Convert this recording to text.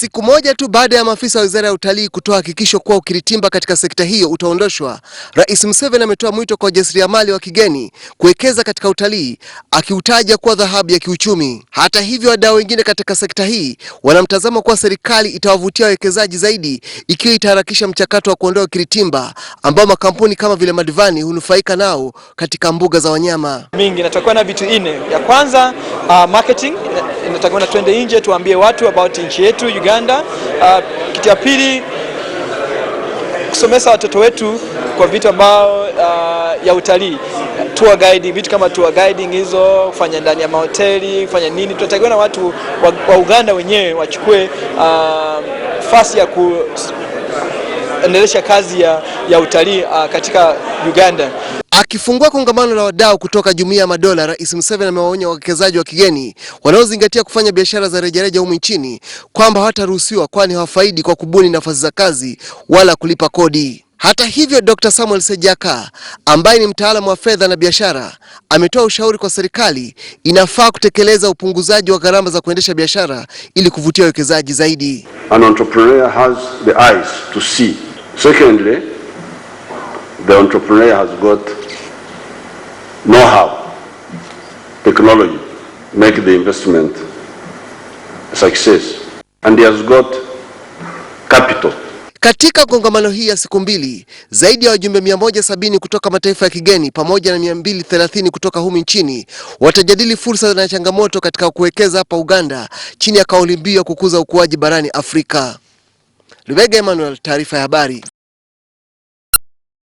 Siku moja tu baada ya maafisa wa wizara ya utalii kutoa hakikisho kuwa ukiritimba katika sekta hiyo utaondoshwa, Rais Museveni ametoa mwito kwa wajasiriamali wa kigeni kuwekeza katika utalii, akiutaja kuwa dhahabu ya kiuchumi. Hata hivyo, wadau wengine katika sekta hii wanamtazama kuwa serikali itawavutia wawekezaji zaidi ikiwa itaharakisha mchakato wa kuondoa ukiritimba ambao makampuni kama vile Madivani hunufaika nao katika mbuga za wanyama mingi. Natakuwa na vitu nne, ya kwanza uh, marketing inatakiwa twende nje tuambie watu about nchi yetu Uganda. Uh, kitu ya pili kusomesa watoto wetu kwa vitu ambao uh, ya utalii tour guiding, vitu kama tour guiding hizo kufanya ndani ya mahoteli kufanya nini. Tunatakiwa na watu wa, wa Uganda wenyewe wachukue uh, fasi ya kuendelesha kazi ya, ya utalii uh, katika Uganda. Akifungua kongamano la wadau kutoka Jumuiya ya Madola, Rais Museveni amewaonya wawekezaji wa kigeni wanaozingatia kufanya biashara za rejareja humu nchini kwamba hawataruhusiwa, kwani hawafaidi kwa kubuni nafasi za kazi wala kulipa kodi. Hata hivyo, Dr. Samuel Sejaka ambaye ni mtaalamu wa fedha na biashara ametoa ushauri kwa serikali inafaa kutekeleza upunguzaji wa gharama za kuendesha biashara ili kuvutia wawekezaji zaidi. An entrepreneur has the eyes to see. Secondly, the entrepreneur has got know-how, technology, make the investment a success. And he has got capital. Katika kongamano hii ya siku mbili, zaidi ya wajumbe 170 kutoka mataifa ya kigeni pamoja na 230 kutoka humu nchini watajadili fursa na changamoto katika kuwekeza hapa Uganda chini ya kauli mbiu ya kukuza ukuaji barani Afrika. Lubega Emmanuel, taarifa ya habari.